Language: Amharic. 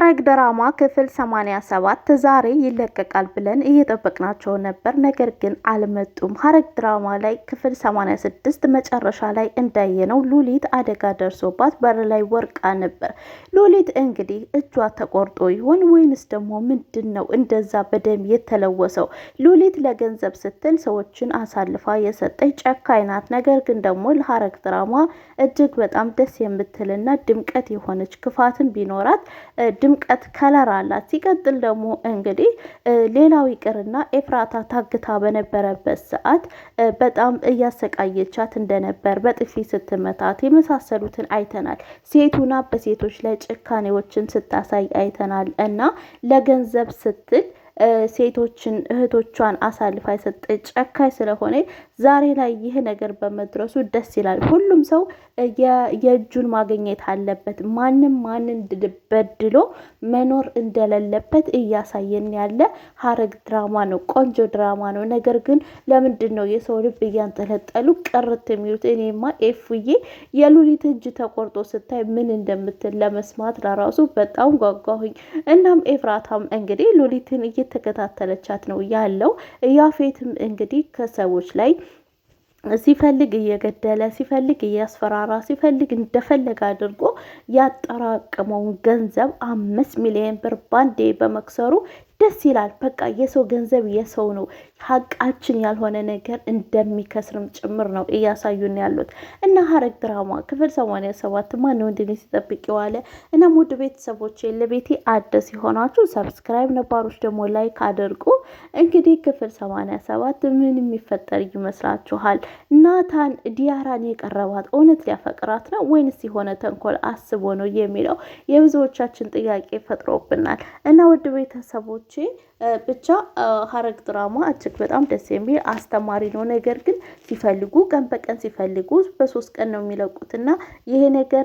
ሐረግ ድራማ ክፍል 87 ዛሬ ይለቀቃል ብለን እየጠበቅናቸው ነበር፣ ነገር ግን አልመጡም። ሐረግ ድራማ ላይ ክፍል 86 መጨረሻ ላይ እንዳየነው ሉሊት አደጋ ደርሶባት በር ላይ ወርቃ ነበር። ሉሊት እንግዲህ እጇ ተቆርጦ ይሆን ወይንስ ደግሞ ምንድን ነው እንደዛ በደም የተለወሰው? ሉሊት ለገንዘብ ስትል ሰዎችን አሳልፋ የሰጠች ጨካኝ ናት። ነገር ግን ደግሞ ለሐረግ ድራማ እጅግ በጣም ደስ የምትልና ድምቀት የሆነች ክፋትን ቢኖራት ድምቀት ከለር አላት። ሲቀጥል ደግሞ እንግዲህ ሌላው ይቅርና ኤፍራታ ታግታ በነበረበት ሰዓት በጣም እያሰቃየቻት እንደነበር በጥፊ ስትመታት የመሳሰሉትን አይተናል። ሴቱና በሴቶች ላይ ጭካኔዎችን ስታሳይ አይተናል እና ለገንዘብ ስትል ሴቶችን እህቶቿን አሳልፋ የሰጠ ጨካኝ ስለሆነ ዛሬ ላይ ይህ ነገር በመድረሱ ደስ ይላል። ሁሉም ሰው የእጁን ማግኘት አለበት። ማንም ማንን በድሎ መኖር እንደሌለበት እያሳየን ያለ ሀረግ ድራማ ነው። ቆንጆ ድራማ ነው። ነገር ግን ለምንድን ነው የሰው ልብ እያንጠለጠሉ ቅርት የሚሉት? እኔማ ኤፍዬ የሉሊት እጅ ተቆርጦ ስታይ ምን እንደምትል ለመስማት ለራሱ በጣም ጓጓሁኝ። እናም ኤፍራታም እንግዲህ ሉሊትን እየተከታተለቻት ነው ያለው። ያፌትም እንግዲህ ከሰዎች ላይ ሲፈልግ እየገደለ ሲፈልግ እያስፈራራ ሲፈልግ እንደፈለገ አድርጎ ያጠራቀመውን ገንዘብ አምስት ሚሊዮን ብር ባንዴ በመክሰሩ ደስ ይላል። በቃ የሰው ገንዘብ የሰው ነው። ሀቃችን ያልሆነ ነገር እንደሚከስርም ጭምር ነው እያሳዩን ያሉት እና ሀረግ ድራማ ክፍል ሰባት ማን ወንድን ሲጠብቅ የዋለ እና ውድ ቤተሰቦች ለቤቴ አዲስ የሆናችሁ ሰብስክራይብ፣ ነባሮች ደግሞ ላይክ አድርጉ። እንግዲህ ክፍል ሰባት ምን የሚፈጠር ይመስላችኋል? ናታን ዲያራን የቀረባት እውነት ሊያፈቅራት ነው ወይንስ የሆነ ተንኮል አስቦ ነው የሚለው የብዙዎቻችን ጥያቄ ፈጥሮብናል እና ውድ ቤተሰቦች ቤተሰቦቼ ብቻ ሀረግ ድራማ እጅግ በጣም ደስ የሚል አስተማሪ ነው። ነገር ግን ሲፈልጉ ቀን በቀን ሲፈልጉ በሶስት ቀን ነው የሚለቁትና ይሄ ነገር